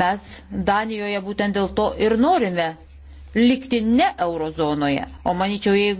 Mes Danijoje būtent dėl to ir norime likti ne eurozonoje. O manyčiau, jeigu